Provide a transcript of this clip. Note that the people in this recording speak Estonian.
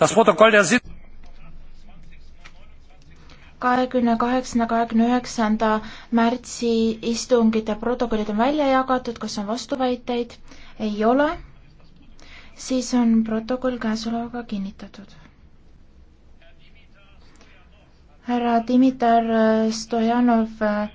kahekümne kaheksanda, kahekümne üheksanda märtsi istungite protokollid on välja jagatud, kas on vastuväiteid? ei ole. siis on protokoll käesolevaga kinnitatud. härra Dimitar Stojanov